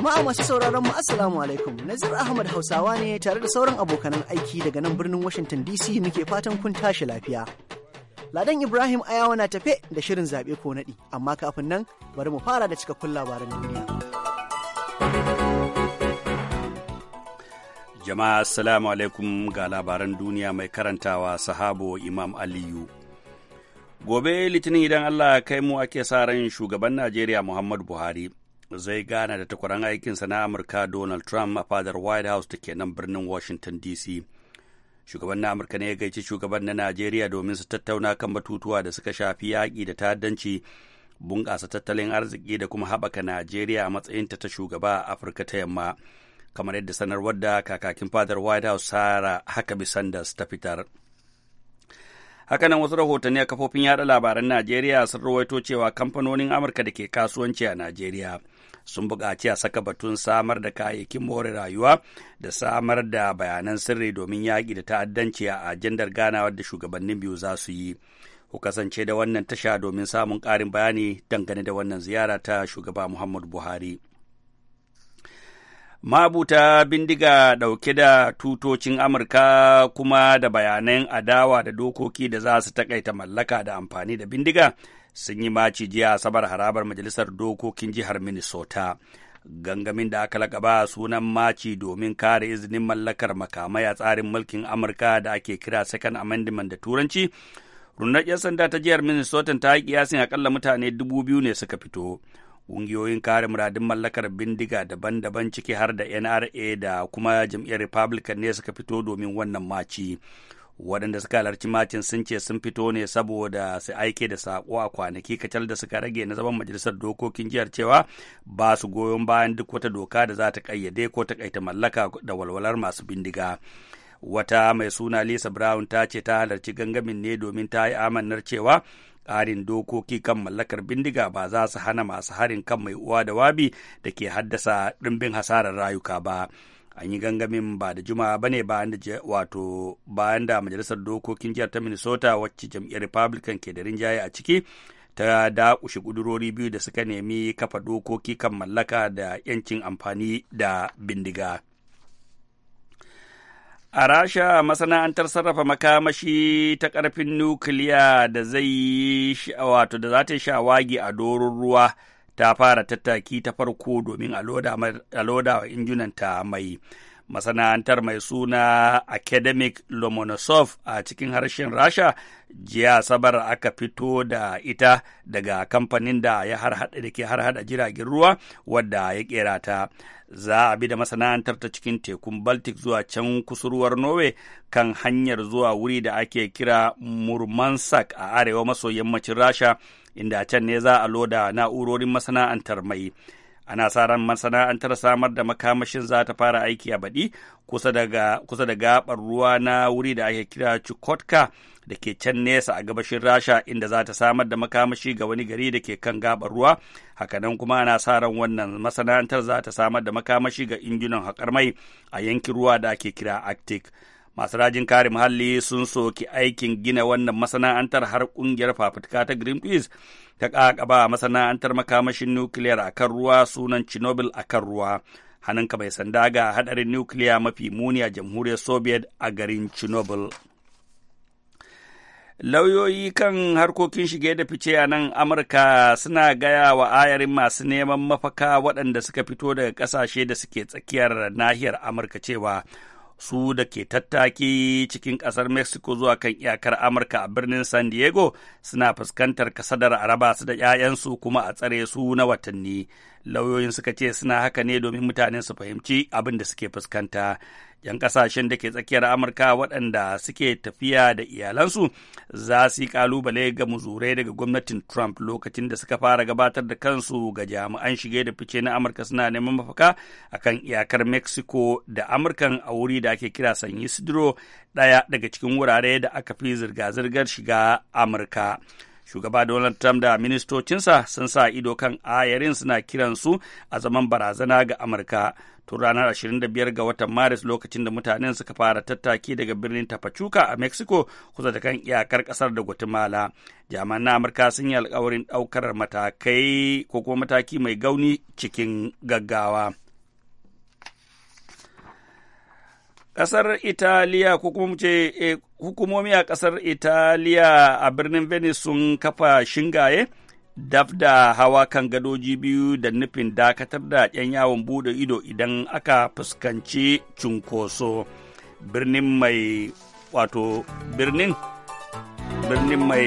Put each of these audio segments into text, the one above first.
Jama'a masu sauraron mu Assalamu alaikum. Nazir Ahmad Hausawa ne tare da sauran abokanan aiki daga nan birnin Washington DC muke fatan kun tashi lafiya. Ladan Ibrahim Ayawa na tafe da shirin zaɓe ko naɗi, amma kafin nan bari mu fara da cikakkun labaran duniya. Jama'a Assalamu alaikum ga labaran duniya mai karantawa sahabo Imam Aliyu. Gobe Litinin idan Allah kai mu ake sa ran shugaban Najeriya Muhammadu Buhari zai gana da takwaran aikinsa na Amurka Donald Trump a fadar White House da ke nan birnin Washington DC. Shugaban na Amurka ne ya gaici shugaban na Najeriya domin su tattauna kan batutuwa da suka shafi yaƙi da ta'addanci, bunƙasa tattalin arziki da kuma haɓaka Najeriya a matsayinta ta shugaba a Afirka ta Yamma. Kamar yadda sanarwar da kakakin fadar White House Sarah Huckabee Sanders ta fitar. hakanan wasu rahotanni a kafofin yada labaran najeriya sun rawaito cewa kamfanonin amurka da ke kasuwanci a najeriya sun buƙaci a saka batun samar da kayayyakin more rayuwa da samar da bayanan sirri domin yaƙi da ta'addanci a ajandar ganawar da shugabannin biyu za su yi ku kasance da wannan tasha domin samun ƙarin bayani dangane da wannan ziyara ta shugaba muhammadu buhari mabuta bindiga ɗauke da tutocin amurka kuma da bayanan adawa da dokoki da za su takaita mallaka da amfani da bindiga sun yi maci jiya asabar harabar majalisar dokokin jihar minnesota gangamin da aka lakaba sunan maci domin kare izinin mallakar makamai a tsarin mulkin amurka da ake kira second amendment da turanci rundunar 'yan sanda ta jihar minnesota ta yi kiyasin akalla mutane dubu biyu ne suka fito ƙungiyoyin kare muradin mallakar bindiga daban-daban ciki har da nra da kuma jam'iyyar republican ne suka fito domin wannan maci waɗanda suka halarci macin sun ce sun fito ne saboda su aike da saƙo a kwanaki kacal da suka rage na zaman majalisar dokokin jihar cewa ba su goyon bayan duk wata doka da za ta ƙayyade ko ta ƙaita mallaka da walwalar masu bindiga. Wata mai suna Lisa Brown ta ce ta halarci gangamin ne domin ta yi amannar cewa ƙarin dokoki kan mallakar bindiga ba za su hana masu harin kan mai uwa da wabi da ke haddasa ɗimbin hasarar rayuka ba. an yi gangamin ba da juma'a ba ne bayan da bayan da majalisar dokokin jihar ta minnesota wacce jam'iyyar republican ke da rinjaye a ciki ta dakushe kudurori biyu da suka nemi kafa dokoki kan mallaka da 'yancin amfani da bindiga A Rasha masana'antar sarrafa makamashi ta karfin nukiliya da zai wato da za ta shawagi a doron ruwa ta fara tattaki ta farko domin a loda wa injunanta mai masana'antar mai suna academic lomonosov a cikin harshen rasha jiya sabar aka fito da ita daga kamfanin da ya harhaɗa da ke harhaɗa jiragen ruwa wadda ya kera ta za a bi da masana'antar ta cikin tekun baltic zuwa can kusurwar norway kan hanyar zuwa wuri da ake kira murmansak a arewa maso yammacin rasha inda can ne za a loda na'urorin masana'antar mai ana sa ran masana'antar samar da makamashin za ta fara aiki a baɗi kusa da gaɓar ruwa na wuri da ake kira chukotka da ke can nesa a gabashin rasha inda za ta samar da makamashi ga wani gari da ke kan gaɓar ruwa hakanan kuma ana sa ran wannan masana'antar za ta samar da makamashi ga injunan haƙar mai a yankin ruwa da ake kira arctic masu rajin kare muhalli sun soki aikin gina wannan masana'antar har kungiyar fafutuka ta greenpeace ta kakaba masana'antar makamashin nukiliyar akan ruwa sunan chernobyl kan ruwa hannunka bai sanda ga hadarin nukiliya mafi muni a jamhuriyar soviet a garin chernobyl lauyoyi kan harkokin shige da fice a nan amurka suna gaya wa ayarin masu neman mafaka waɗanda suka fito daga ƙasashe da suke tsakiyar nahiyar amurka cewa su da ke tattaki cikin ƙasar Mexico zuwa kan iyakar Amurka a birnin San Diego suna fuskantar kasadar a raba su da 'ya'yansu kuma a tsare su na watanni. Lauyoyin suka ce suna haka ne domin mutanen su fahimci abin da suke fuskanta. 'yan kasashen da ke tsakiyar amurka waɗanda suke tafiya da iyalansu za su yi kalubale ga muzurai daga gwamnatin trump lokacin da suka fara gabatar da kansu ga jami'an shige da fice na amurka suna neman mafaka a kan iyakar mexico da amurkan a wuri da ake kira san isidro ɗaya daga cikin wurare da aka fi zirga-zirgar shiga amurka Shugaba Donald Trump da ministocinsa sun sa ido kan ayarin suna kiransu a zaman barazana ga Amurka. Tun ranar 25 ga watan Maris lokacin da mutanen suka fara tattaki daga birnin Tapachuka a Mexico kusa da kan iyakar kasar da Guatemala. Jami'an na Amurka sun yi alkawarin ɗaukar matakai ko kuma mataki mai gauni cikin gaggawa. Ƙasar Italiya ko kuma eh, hukumomi a ƙasar Italiya a birnin Venice sun kafa shingaye daf da hawa kan gadoji biyu da nufin dakatar da 'yan yawon bude ido idan aka fuskanci cunkoso birnin mai wato birnin birnin mai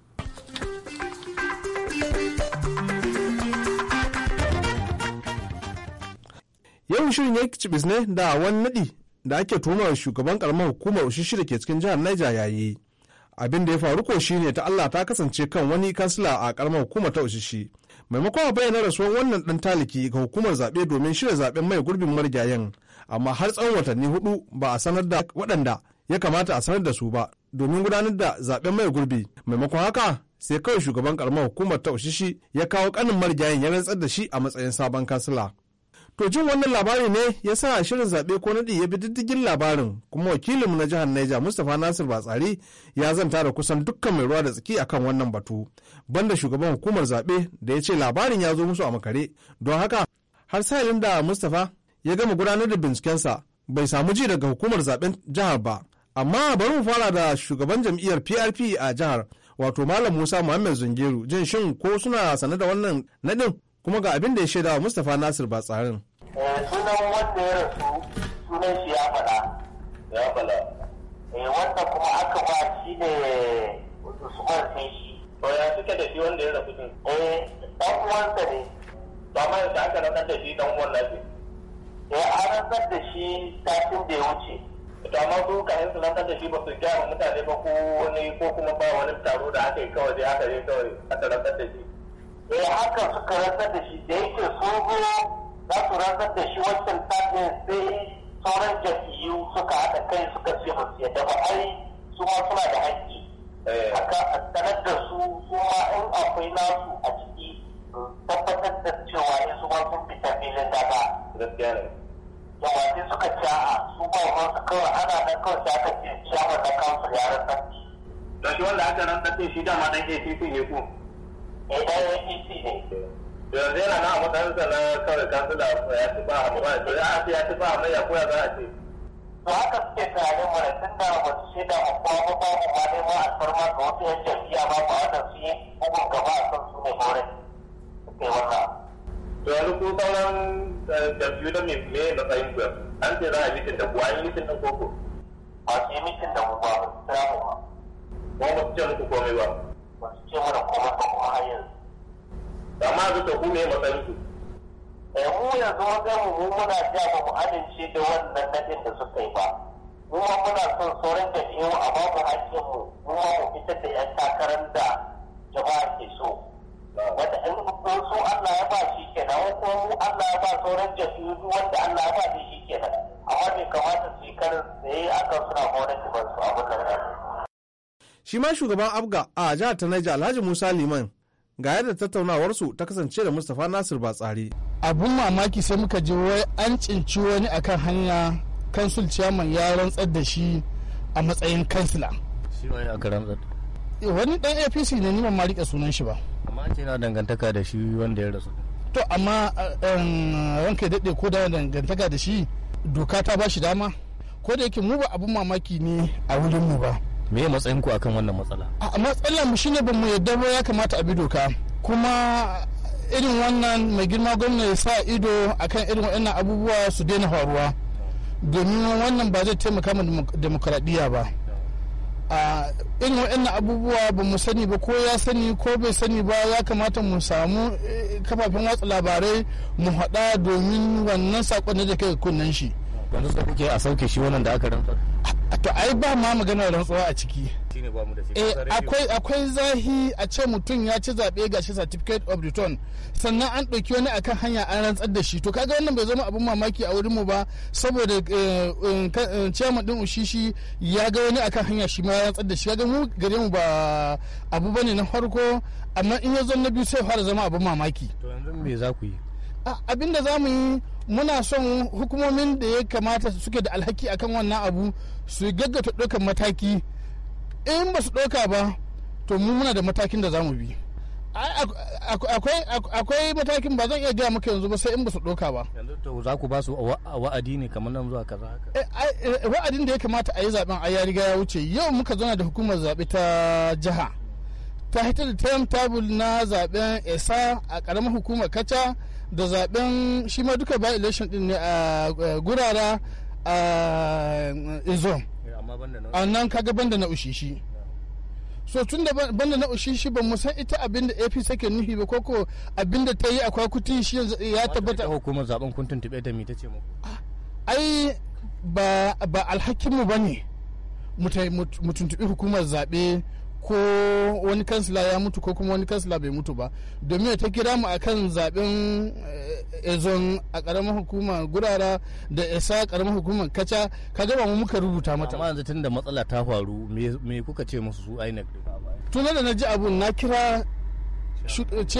yau shirin ya cibis ne da wani naɗi da ake tuhumar shugaban karamar hukumar ushishi da ke cikin jihar Niger yayi. Abin da ya faru ko shi ne ta Allah ta kasance kan wani kansila a karamar hukumar ta ushishi. Maimakon a bayyana rasuwar wannan dan taliki ga hukumar zaɓe domin shirya zaɓen mai gurbin marigayen, amma har tsawon watanni hudu ba a sanar da waɗanda ya kamata a sanar da su ba domin gudanar da zaɓen mai gurbi. Maimakon haka sai kawai shugaban karamar hukumar ta ushishi ya kawo ƙanin marigayen ya rantsar da shi a matsayin sabon kansila. To jin wannan labari ne ya sa shirin zaɓe ko naɗi ya bi diddigin labarin kuma wakilinmu na jihar Neja Mustapha Nasir Batsari ya zanta da kusan dukkan mai ruwa da tsaki akan wannan batu banda shugaban hukumar zaɓe da ya ce labarin ya zo musu a makare don haka har sa'ilin da Mustapha ya gama gudanar da bincikensa bai samu ji daga hukumar zaɓen jihar ba amma bari mu fara da shugaban jam'iyyar PRP a jihar wato Malam Musa Muhammad Zungeru jin shin ko suna sane da wannan naɗin kuma ga abin da ya shaidawa mustapha nasir ba tsarin eh, sunan wanda ya rasu sunan shi ya faɗa ya faɗa eh, wanda kuma aka ba shi ne usman sai shi ya suka da shi wanda ya rasu din eh dan uwansa ne ba ma yadda aka rantsar da shi dan uwan nasu ya eh, an rantsar da shi kafin da ya wuce da ma su kayan su rantsar da shi ba su gyara mutane ba ko wani ko kuma ba wani taro da aka yi kawai dai aka yi kawai aka rantsar da shi eh haka suka rantsar da shi da yake sun zo za su rantsar da shi wancan tafin sai sauran jam'iyyu suka haɗa kai suka ce ba su yadda ba ai su ma suna da haƙƙi eh. haka a sanar da su su ma in akwai nasu a ciki tabbatar da cewa ya su ma sun fita filin daga Yawanci suka ci a su ba ruwan su kawai ana nan kawai sai aka ce ciyawa na kansu ya rantsar da shi wanda aka rantsar da shi dama dan ACC ne ko in bayan ec ne yanzu yana na matsayinsa na kawai kansila ya ci ba abu ba to ya ce ya ci ba amma ya koya za a ce to haka suke tunanin mana tun da ba su shaida mu ko mu ba mu ma dai ma alfarma ga wasu yan jam'iyya ba ba wannan su yi bugun gaba a kan su ne horin suke wannan to yanzu ko sauran eh, jam'iyyu da me me matsayin ku an ce za a yi mitin da ku an yi mitin da koko ba su yi mitin da mu ba ba su kira mu ba ba su ce muku komai ba masu ce mana kuma ba kuma har yanzu da ma zu ta hume matsalinsu eh mu yanzu wajen mu mu muna jiya ba mu amince da wannan nadin da suka yi ba mu ma muna son sauran jam'iyyu a babu hakkin mu mu ma mu fitar da yan takarar da jama'a ke so wanda in ko su Allah ya ba shi ke kenan ko mu Allah ya ba sauran jam'iyyu wanda Allah ya ba shi ke kenan amma bai kamata su yi karin tsaye akan suna horar da su abin shi ma shugaban abga a jihar ta naija alhaji musa liman ga yadda tattaunawarsu ta kasance da mustapha nasir batsari abun mamaki sai muka je wai an cinci wani akan hanya kansul ciyaman ya rantsar da shi a matsayin kansila shi wani aka rantsar eh, wani dan apc ne ni ban ma rike sunan shi ba amma ce na dangantaka da shi wanda ya rasu to amma um, ranka daɗe ko da dangantaka da shi doka ta ba shi dama ko da yake mu ba abun mamaki ne a wurin mu ba me matsayin ku akan wannan matsala a matsalar mu shine ba mu yadda ba ya kamata a bi doka kuma irin wannan mai girma gwamna ya sa ido akan irin wannan abubuwa su daina faruwa domin wannan ba zai taimaka mu demokradiya ba a irin waɗannan abubuwa ba mu sani ba ko ya sani ko bai sani ba ya kamata mu samu eh, kafafen watsa labarai mu haɗa domin wannan sakon da kai kunnan shi yanzu da kuke a sauke shi wannan da aka rantsar to ai ba ma maganar rantsuwa a ciki eh, akwai akwai zahi a ce mutum ya ci zabe ga shi certificate of return sannan an ɗauki wani akan hanya an rantsar da shi to kaga wannan bai zama abun mamaki a wurin mu ba saboda eh, eh, chairman din ushishi ya ga wani akan hanya shi ma ya rantsar da shi kaga mu gare mu ba abu bane na farko amma in ya zo na biyu sai fara zama abin mamaki to yanzu me za ku yi abinda za mu yi muna son hukumomin da ya kamata suke da alhaki akan wannan abu su gaggata ɗaukar mataki in ba su ɗauka ba to mu muna da matakin da za mu bi akwai matakin ba zan iya gaya maka yanzu ba sai in ba su ɗauka ba za ku ba su wa'adi ne kamar nan zuwa kaza haka eh, eh, wa'adin da ya kamata a yi zaben a ya riga ya wuce yau muka zauna da hukumar zaɓe ta jiha ta hitar da timetable na zaben esa a ƙaramar hukumar kaca da zaben shi ma duka by election din ne a gurara a izo eh, a nan kaga banda na ushishi so tun da banda na ushishi ba mu san ita abinda da apc take nufi ba koko abinda ta yi akwai kuti shi eh, ya tabbata hukumar zaben kun tuntube da mi tace muku ah, ai ba alhakinmu ba ne mu tuntubi hukumar zaɓe ko wani kansila ya mutu ko kuma wani kansila bai mutu ba domin ta kira mu akan zaben eh, ezon a karamar hukuma gurara da isa karamar hukumar kaca ka gaba mu muka rubuta mata amma yanzu tunda matsala ta faru me kuka ce musu su INEC tun da na ji abun na kira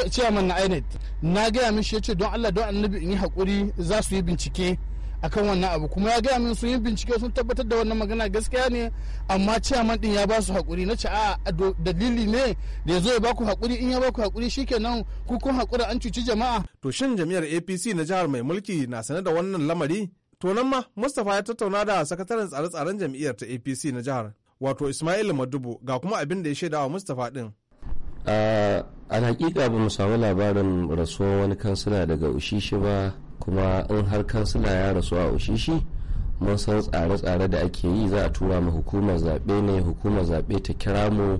ciyaman na INEC na gaya mishi ya ce don Allah don annabi in yi hakuri za su yi bincike akan wannan abu kuma ya gaya min sun yi bincike sun tabbatar da wannan magana gaskiya ne amma ciyaman din ya ba su hakuri na ce a dalili ne da ya zo ya ba ku hakuri in ya ba ku hakuri shikenan ku kun hakura an cuci jama'a to shin jami'ar APC na jihar mai mulki na sane da wannan lamari to nan ma Mustapha ya tattauna da sakataren tsare-tsaren jami'ar ta APC na jihar wato Ismail Madubu ga kuma abin da ya shaida wa Mustapha din a hakika ba mu samu labarin rasuwar wani kansila daga ushishi ba kuma in har kansila ya rasu a ushishi mun san tsare-tsare da ake yi za a tura ma hukumar zaɓe ne hukumar zaɓe ta kira mu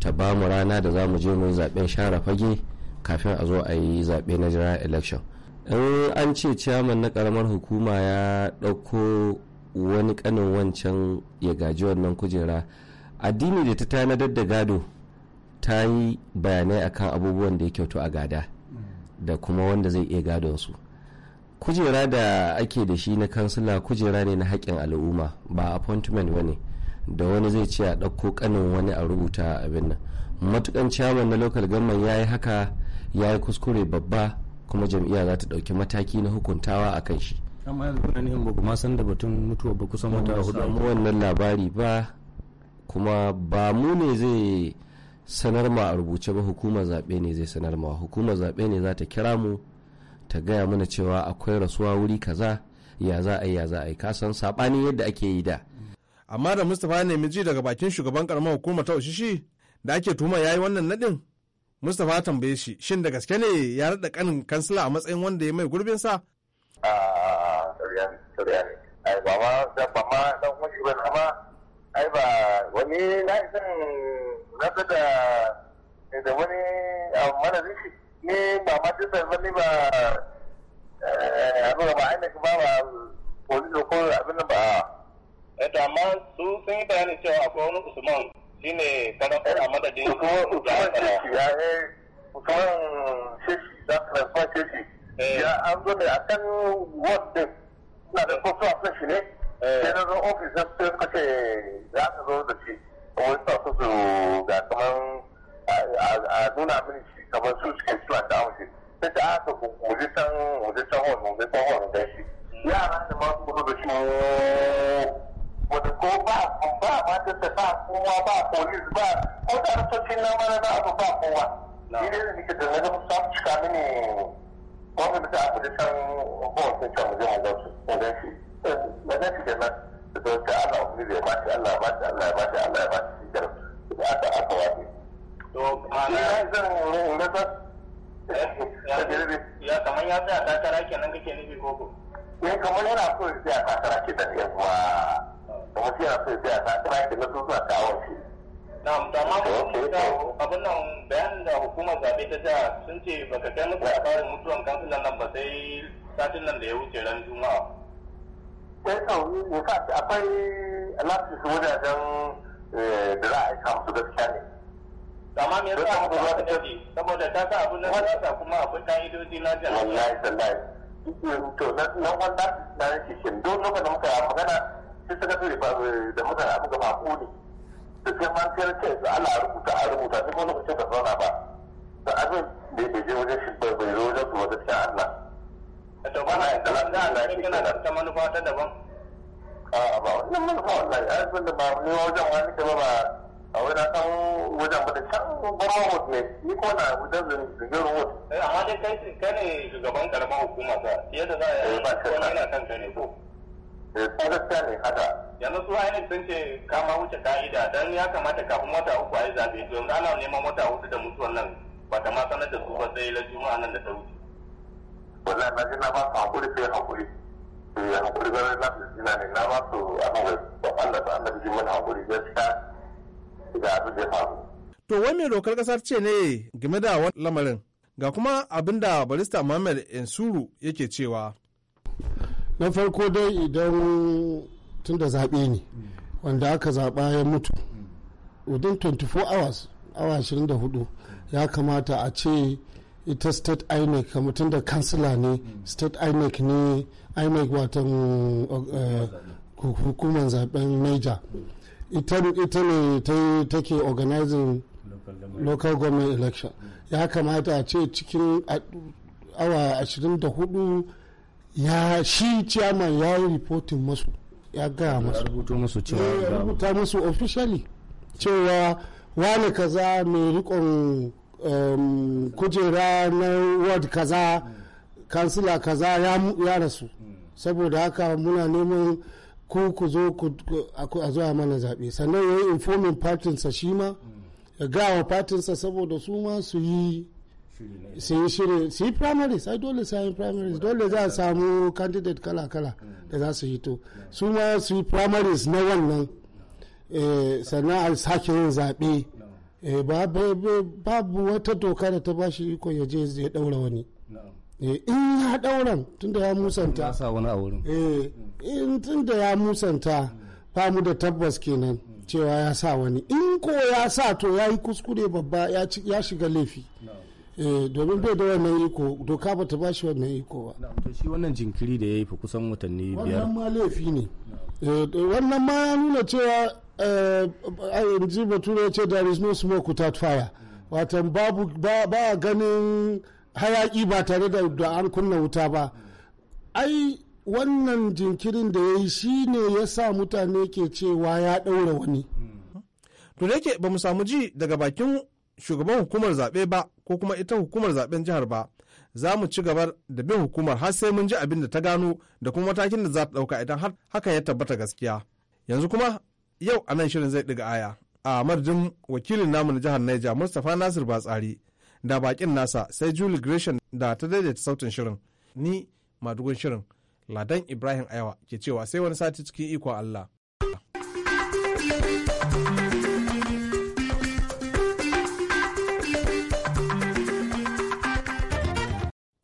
ta ba mu rana da za mu je mu zaɓen share fage kafin a zo a yi zaɓe na jiran election in an ce ciyaman na karamar hukuma ya ɗauko wani ƙanin wancan ya gaji wannan kujera addini da ta tanadar da gado ta yi bayanai akan abubuwan da ya kyautu a gada mm. da kuma wanda zai iya gadon su kujera da ake da shi na kansila kujera ne na haƙƙin al'umma ba appointment ba ne da wani zai ce a ɗauko ƙanin wani a rubuta abin nan matukan ciyaman na local government ya yi haka ya yi kuskure babba kuma jam'iyya za ta ɗauki mataki na hukuntawa a kan shi san batun mutuwa ba kusan labari ba kuma ba mu ne zai sanar ma a rubuce ba hukumar zaɓe ne zai sanar ma hukumar zaɓe ne za ta kira mu ta gaya mana cewa akwai rasuwa wuri kaza ya za a yi ya za a yi kasan sabanin yadda ake yi da amma da mustapha nemi ji daga bakin shugaban karamar hukumar ta ushishi da ake tuma ya yi wannan nadin mustapha tambaye shi shin da gaske ne ya rada kanin kansila a matsayin wanda ya mai gurbin sa ai ba wani na isan da wani a mana ni ba majalisar ba ni ba eh, abin ba ainihin ba ba polisi ko abin ba yadda eh, amma su sun yi bayani cewa akwai wani usman shi ne karafin a madadin usman sheshi ya yi usman sheshi za su rasuwa sheshi eh. ya an zo ne a kan wadda na da kofi a kan shi ne sai na zo ofis na suka ce za su zo da shi wani sa su ga kamar a nuna mini shi kamar su suke zuwa da wuce ta ah, ta aka kuzi san wuce sahon wuce sahon da shi Yara da ma su da shi Wani ko ba ba ma ta ta ba kowa ba polis ba ko da rufafin na mara na abu ba kowa ni da nike da na gaba sa cika mini wanda da ta aka da san kowace can wuce da shi sun ce ka kai musu labarin mutuwan kansulan nan ba sai satin nan da ya wuce ran juma'a sai eh, ne in fact akwai wajajen eh, da za a aika musu gaskiya ne amma me yasa aka ba ta dace saboda ta sa abun nan ta kuma ka'idoji na jama'a wallahi sallahi eh, to nan wanda na yake shi, don lokacin da magana sai suka tsere da mutane abu ne man ce rubuta a rubuta lokacin da zauna ba bai bai je wajen shi bai bai wajen su wata cikin Allah. To ba na yadda Allah ne kana da ta manufa ta daban. a ba wannan manufa wallahi ai ban da ba ni wajen ma nake ba ba a wani san wajen ba da can gwamnan wood ne ni ko na wajen da wood. Eh amma dai kai kai ne shugaban karamar hukuma ta da za a yi eh, ba ko na kan ka ne ko. Eh, yanzu su ainihin sun ce kama wuce ka'ida don ya kamata kafin wata uku a yi zaɓe yanzu ana neman wata hudu da mutuwan nan ba ta ma sanar da su ba sai la juma'a nan da ta wuce wallahi na ji na ba su hakuri sai hakuri sai eh, hakuri ga na su jina ne na ba su abin da Allah ta Allah ji mana hakuri gaskiya ga abin da ya faru to wai me dokar kasar ce ne game da wannan lamarin ga kuma abin da barista Muhammad Ensuru yake cewa na farko dai idan tun da zaɓe ne wanda aka zaɓa ya mutu within 24 hours awa 24 ya kamata a ce ita state inec mutum da kansila ne state inec ne inec watan eh, eh, hukumar zaben major ita ne take organizing local government election ya kamata a ce cikin awa 24 ya shi chairman ya yi reporting masu ya gaya masu rubuta masu eh, rubuta masu officially cewa wani kaza mai rikon um, kujera na ward kaza kansila kaza ya rasu saboda haka muna neman ku ku zo a zuwa mana zaɓe sannan ya yi informin partinsa shi ma ya gawa partinsa saboda su ma su yi su yi shirin su yi primaries ai dole su yi primaries dole za a samu candidate kala-kala da za su yi to su ma su yi primaries na wannan Eh, sana'ar sake yin zaɓe eh, babu wata doka da ta bashi iko ya je ya ɗaura wani eh, in ya ɗauran tunda ya musanta in tunda ya musanta ba mu da tabbas kenan cewa ya sa wani in ko ya sa to ya yi kuskure babba ya shiga laifi domin bai da wannan iko doka ba ta ba shi wannan iko ba to shi wannan jinkiri da ya yi fi kusan watanni biyar wannan ma laifi ne wannan ma ya nuna cewa ji eh, bature ce there is no smoke without fire wata babu ba ganin hayaki ba tare da an kunna wuta ba ai wannan jinkirin da ya yi shi ne ya sa mutane ke cewa ya ɗaura wani to da yake ba mu samu ji daga bakin shugaban hukumar zaɓe ba ko kuma ita hukumar zaɓen jihar ba za mu ci gaba da bin hukumar har sai mun ji abin da ta gano da kuma matakin da za ta ɗauka idan har haka ya tabbata gaskiya yanzu kuma yau a nan shirin zai ɗiga aya a madadin wakilin namu na jihar Niger Mustapha Nasir Batsari da bakin nasa sai Julie Gresham da ta daidaita sautin shirin ni madugun shirin Ladan Ibrahim Ayawa ke cewa sai wani sati cikin ikon Allah.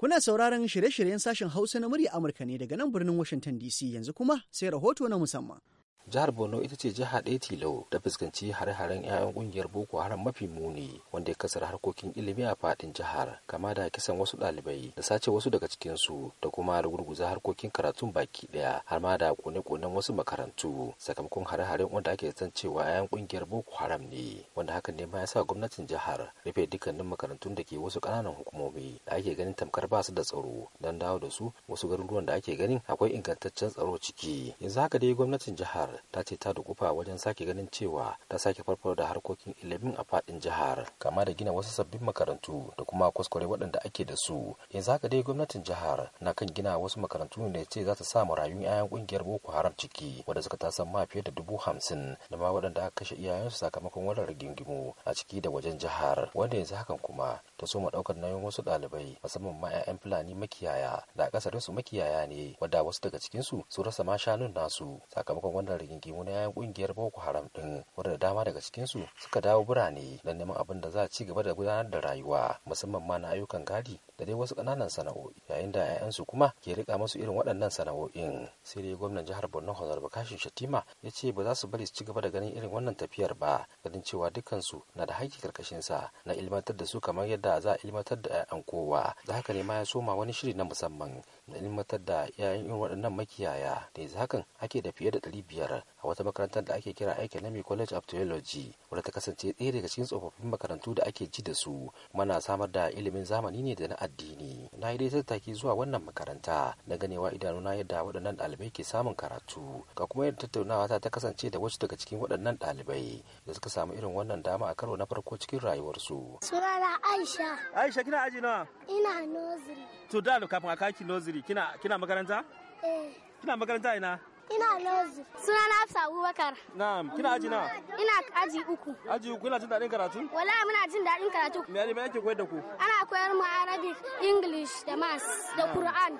Kuna sauraron shirye-shiryen sashen Hausa na murya Amurka ne daga nan birnin Washington DC yanzu kuma sai rahoto na musamman. jihar borno ita ce jiha ɗaya tilo da fuskanci hare-haren 'ya'yan ƙungiyar boko haram mafi muni wanda ya kasar harkokin ilimi a faɗin jihar kama da kisan wasu ɗalibai da sace wasu daga cikinsu da kuma rugurguza harkokin karatun baki ɗaya har ma da kone-konen wasu makarantu sakamakon hare-haren wanda ake san cewa 'ya'yan ƙungiyar boko haram ne wanda hakan ne ma ya sa gwamnatin jihar rufe dukkanin makarantun da ke wasu ƙananan hukumomi da ake ganin tamkar ba su da tsaro don dawo da su wasu garuruwan da ake ganin akwai ingantaccen tsaro ciki yanzu haka dai gwamnatin jihar ta ce ta dukufa wajen sake ganin cewa ta sake farfar da harkokin ilimin a fadin jihar kama da gina wasu sabbin makarantu da kuma kwaskware waɗanda ake da su yanzu haka dai gwamnatin jihar na kan gina wasu makarantu ne ce za ta sa marayun 'ya'yan kungiyar boko haram ciki wanda suka tasan ma fiye da dubu hamsin da ma waɗanda aka kashe iyayensu sakamakon wannan rigingimu a ciki da wajen jihar wanda yanzu hakan kuma ta soma ɗaukar nauyin wasu ɗalibai musamman ma 'ya'yan fulani makiyaya da akasarinsu makiyaya ne wadda wasu daga cikinsu su rasa ma shanun nasu sakamakon wannan rigingimu na 'ya'yan kungiyar boko haram din wanda da dama daga cikin su suka dawo birane don neman abin da za a ci gaba da gudanar da rayuwa musamman ma na ayyukan gadi da dai wasu ƙananan sana'o'i yayin da 'ya'yansu kuma ke rika musu irin waɗannan sana'o'in sai dai gwamnan jihar borno honorable kashin shatima ya ce ba za su bari su ci gaba da ganin irin wannan tafiyar ba ganin cewa dukkansu na da haƙƙi karkashin sa na ilmantar da su kamar yadda za a ilmantar da 'ya'yan kowa da haka ne ma ya soma wani shiri na musamman na ilmantar da 'ya'yan irin waɗannan makiyaya da yanzu hakan ake da fiye da ɗari biyar a wata makarantar da ake kira Economic College of Theology wadda ta kasance ɗaya daga cikin tsofaffin makarantu da ake ji da su mana samar da ilimin zamani ne da na addini na yi dai tattaki zuwa wannan makaranta na ganewa na yadda waɗannan ɗalibai ke samun karatu ga kuma yadda tattaunawa ta ta kasance da wasu daga cikin waɗannan ɗalibai da suka samu irin wannan dama a karo na farko cikin rayuwarsu. Sunana Aisha. Aisha kina aji nawa? Ina noziri. To da kafin a kaki noziri kina kina makaranta? Eh. Kina makaranta ina? Ina lozu. Suna na Hafsa Abubakar. Na'am, kina aji na? Ina aji uku. Aji uku ina jin daɗin karatu? Wala muna jin daɗin karatu. Me ne ake koyar da ku? Ana koyar mu Arabic, English da Maths da Qur'an.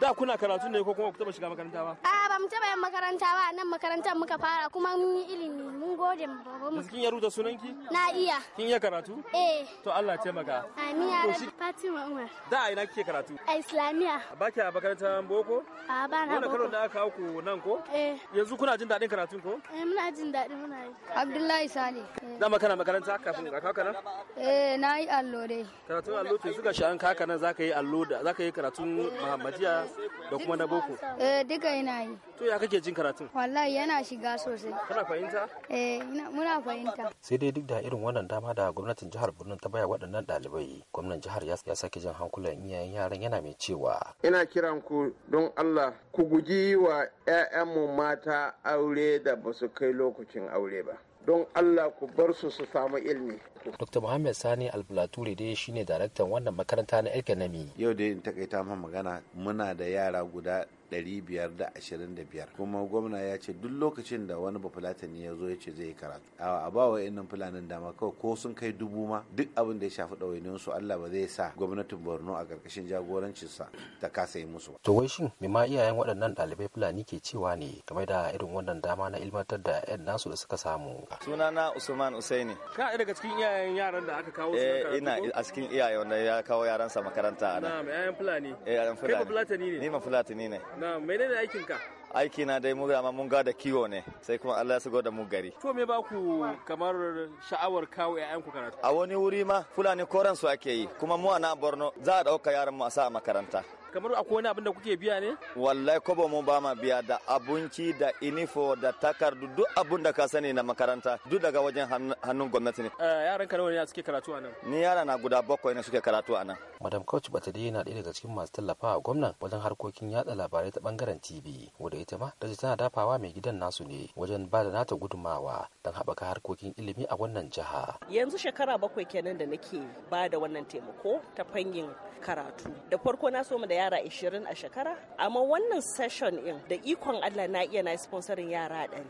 Da kuna karatu ne ko kuma ku taba shiga makaranta ba? A ba mu taba yin makaranta ba, nan makarantar muka fara kuma mun yi ilimi, mun gode mu babanmu. Kin ya da sunanki? Na iya. Kin iya karatu? Eh. To Allah ya taimaka. Amin ya rabbi. Fatima Umar. Da a ina kike karatu? A Islamiya. Ba ki a makarantar boko? A ba na boko. Wannan karon da aka kawo ku nan ko? Eh. Yanzu kuna jin daɗin karatun ko? Eh muna jin daɗi muna yi. Abdullahi Sani. Dama kana makaranta kafin ka kawo nan? Eh na yi allo dai. Karatun allo to suka shi an kaka nan zaka yi allo da zaka yi karatun Muhammadiya da kuma na boko. Eh duka ina yi. To ya kake jin karatun? Wallahi yana shiga sosai. Kana fahimta? Eh muna fahimta. Sai dai duk da irin wannan dama da gwamnatin jihar Borno ta baya waɗannan ɗalibai, gwamnan jihar ya sake jan hankulan iyayen yaran yana mai cewa. Ina kiran ku don Allah ku guji wa 'ya'yanmu mata aure da ba su kai lokacin aure ba don Allah ku bar su su samu ilmi. Dr. Muhammad Sani Albulaturi dai ne daraktan wannan makaranta na Elkanami. Yau da in takaita ma magana muna da yara guda 525 kuma gwamna ya ce duk lokacin da wani bafulatani ya zo ya ce zai yi karatu a ba wa nan fulanin dama kawai ko sun kai dubu ma duk abin da ya shafi ɗawainiyar su Allah ba zai sa gwamnatin Borno a ƙarƙashin jagorancinsa ta kasa yi musu to wai shin me ma iyayen waɗannan ɗalibai fulani ke cewa ne game da irin wannan dama na ilmantar da 'yan nasu da suka samu sunana Usman Usaini ka a daga cikin iyayen yaran da aka kawo su eh, ina a cikin iyayen wanda ya kawo yaransa makaranta a nan na yayan fulani eh yayan fulani kai ba fulatani ne ni ma fulatani ne na menene aikin ka aiki na dai muga amma mun ga da kiwo ne sai kuma Allah ya shigo da mu gari to me ba ku kamar sha'awar kawo ƴaƴan ku karatu a wani wuri ma fulani koran su ake yi kuma mu a Borno za a dauka yaran mu a sa a makaranta kamar akwai wani abin da kuke biya ne wallai kobo mu ba ma biya da abinci da inifo da takardu duk abin da ka sani na makaranta duk daga wajen hannun gwamnati ne eh, yaran ka nawa ne suke karatu a nan ni yara na guda bakwai ne suke karatu a nan madam coach bata dai yana ɗaya daga cikin masu tallafa a gwamnan wajen harkokin yatsa labarai ta bangaren tv wadda ita ma ta tana dafawa mai gidan nasu ne wajen ba da nata gudumawa don haɓaka harkokin ilimi a wannan jiha yanzu shekara bakwai kenan da nake ba da wannan taimako ta fangin karatu da farko na so mu da yara 20 a shekara amma wannan session in da ikon Allah na iya na sponsorin yara ɗari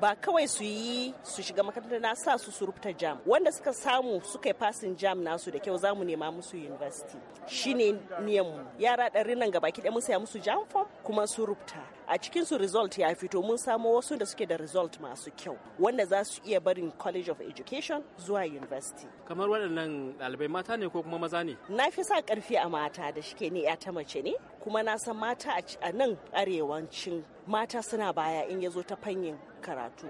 ba kawai su yi su shiga makarantar na sa su su jam wanda suka samu suka yi fasin jam nasu da kyau zamu nema musu university shine niyan mu yara ɗari nan gabaki ɗaya mun saya musu jam form kuma su rubuta a cikin su result ya fito mun samo wasu da suke da result masu kyau wanda za su iya barin college of education zuwa university kamar waɗannan ɗalibai mata ne ko kuma maza ne na fi sa ƙarfi a mata da shike ne ya ta mace ne kuma na san mata a nan arewancin mata suna baya in ya zo ta fanyin karatu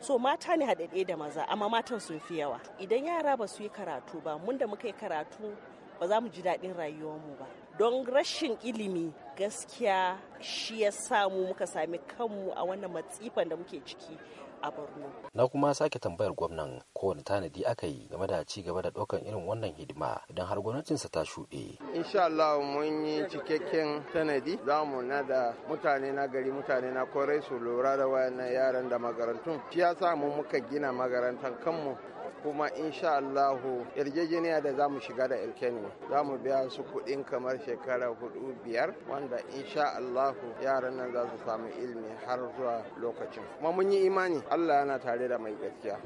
so mata ne haɗaɗe da maza amma matan sun fi yawa idan yara ba su yi karatu ba mun da muka yi karatu ba za mu ji daɗin rayuwar mu ba don rashin ilimi gaskiya shi ya samu muka sami kanmu a wannan matsifan da muke ciki a borno na kuma sake tambayar gwamnan kowane tanadi aka yi game da ci gaba da ɗaukan irin wannan hidima idan har gwamnatinsa ta shuɗe insha Allah mun yi cikakken tanadi za mu na da mutane na gari mutane na korai su lura da wayannan yaran da makarantun shi ya sa mu muka gina makarantar kanmu kuma insha Allahu yarjejeniya da za mu shiga da Elkenu za mu biya su kuɗin kamar shekara hudu biyar wanda insha Allahu yaran nan za su samu ilimi har zuwa lokacin kuma mun yi imani Allah yana tare da mai gaskiya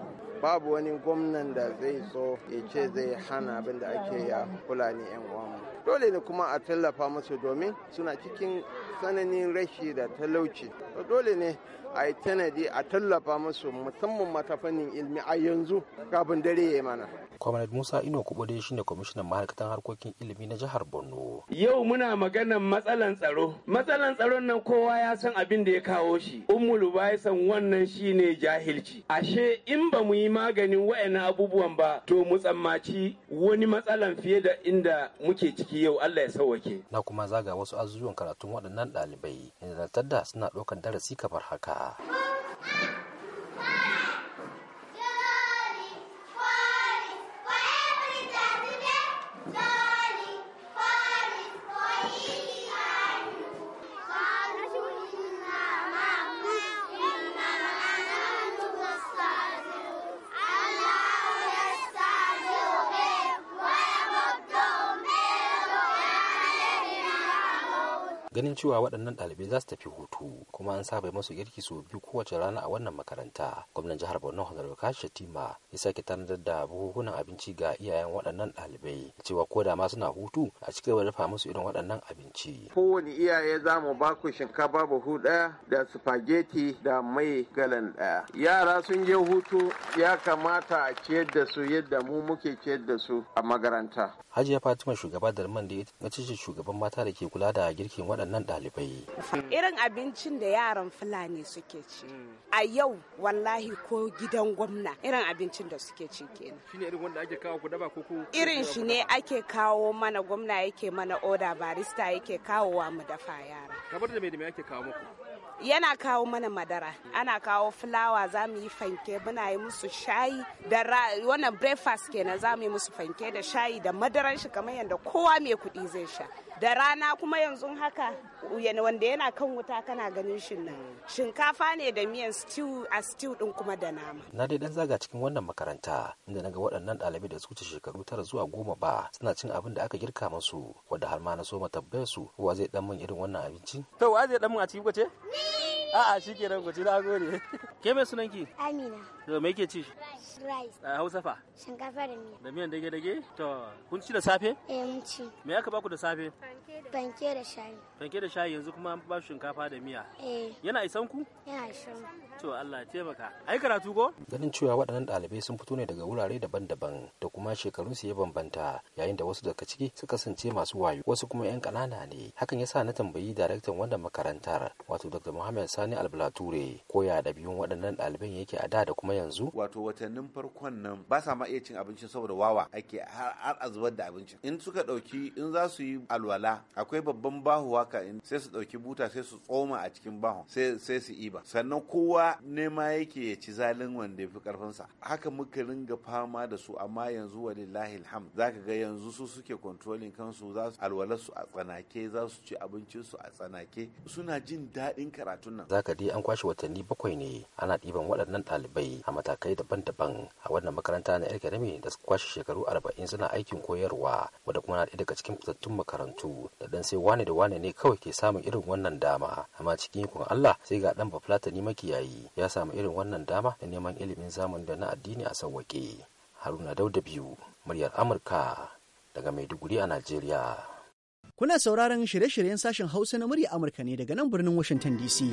babu wani gwamnan da zai so ya ce zai hana abin da ake ya Fulani 'yan uwanmu dole ne kuma a tallafa musu domin suna cikin tsananin rashi da talauci dole ne a yi tanadi a tallafa masu musamman mata fannin ilimi a yanzu kafin dare ya mana. Kwamanar Musa Ino Kubode shine kwamishinan ma'aikatan harkokin ilimi na jihar Borno. Yau muna maganar matsalan tsaro. Matsalan tsaron nan kowa ya san abin da ya kawo shi. Ummul Baisan wannan shine jahilci. Ashe in ba mu yi maganin wa'annan abubuwan ba to mu tsammaci wani matsalan fiye da inda muke ciki yau Allah ya sauwake. Na kuma zaga wasu azuzuwan karatun waɗannan ɗalibai. Inda da suna ɗaukar darasi kamar haka. 것이다. 아. ganin cewa waɗannan ɗalibai za su tafi hutu kuma an saba masu girki sau biyu kowace rana a wannan makaranta gwamnan jihar borno honorable kashe shatima ya sake tanadar da buhuhunan abinci ga iyayen waɗannan ɗalibai cewa ko da ma suna hutu a cikin da dafa musu irin waɗannan abinci kowane iyaye za mu ba ku shinkafa buhu ɗaya da spaghetti da mai galan ɗaya yara sun je hutu ya kamata a ciyar da su yadda mu muke ciyar da su a makaranta hajiya fatima shugaba da da ya ce shugaban mata da ke kula da girkin waɗannan waɗannan ɗalibai. Irin abincin da yaran Fulani suke ci. A yau wallahi ko gidan gwamna irin abincin da suke ci kenan. Shi ne irin wanda ake kawo ku daba koko? Irin shi ne ake kawo mana gwamna yake mana oda barista yake kawo wa mu dafa yara. Kamar da me da me ake kawo muku? yana kawo mana madara ana kawo fulawa za mu yi fanke muna yi musu shayi da wannan breakfast kenan za mu yi musu fanke da shayi da madaran shi kamar yadda kowa mai kuɗi zai sha da rana kuma yanzu haka wanda yana kan wuta kana ganin shin nan shinkafa ne da miyan stew a stew din kuma da nama na dai dan zaga cikin wannan makaranta inda naga waɗannan ɗalibai da su wuce shekaru tara zuwa goma ba suna cin abin da aka girka musu wanda har ma na so matabbai su wa zai dan min irin wannan abinci to wa zai dan min a cikin kwace a'a shikenan kwace na gode ke mai sunanki amina To me yake ci? Rice. A Hausa Shinkafa da miya. Da miyan dage-dage? To kun ci da safe? Eh mun ci. Me aka baku da safe? Fanke da shayi. Fanke da shayi yanzu kuma an ba shinkafa da miya. Eh. Yana isan ku? Yana isan. To Allah ya taimaka. Ai karatu ko? Ganin cewa waɗannan ɗalibai sun fito ne daga wurare daban-daban da kuma shekarun su ya bambanta yayin da wasu daga ciki suka kasance masu wayo wasu kuma 'yan ƙanana ne. Hakan ya sa na tambayi daraktan wanda makarantar wato Dr. Muhammad Sani Albalature ko ya ɗabi'un waɗannan ɗaliban yake a da da kuma yanzu wato watannin farkon nan ba sa ma iya cin abincin saboda wawa ake har a zubar da abincin in suka dauki in za su yi alwala akwai babban bahu haka in sai su dauki buta sai su tsoma a cikin bahon sai su iba sannan kowa nema yake ya ci zalin wanda ya fi sa haka muka ringa fama da su amma yanzu walillahi alhamd ka ga yanzu su suke kontrolin kansu za su alwala su a tsanake za su ci abincin su a tsanake suna jin daɗin karatun nan za ka dai an kwashe watanni bakwai ne ana ɗiban waɗannan ɗalibai a matakai daban-daban a wannan makaranta na yar karami da kwashe shekaru arba'in suna aikin koyarwa wadda kuma na ɗaya daga cikin fitattun makarantu da dan sai wane da wane ne kawai ke samun irin wannan dama amma cikin ikon Allah sai ga dan bafulatani makiyayi ya samu irin wannan dama da neman ilimin zamani da na addini a sauwaƙe Haruna Dauda biyu muryar Amurka daga Maiduguri a Najeriya. Kuna sauraron shirye-shiryen sashen Hausa na murya Amurka ne daga nan birnin Washington DC.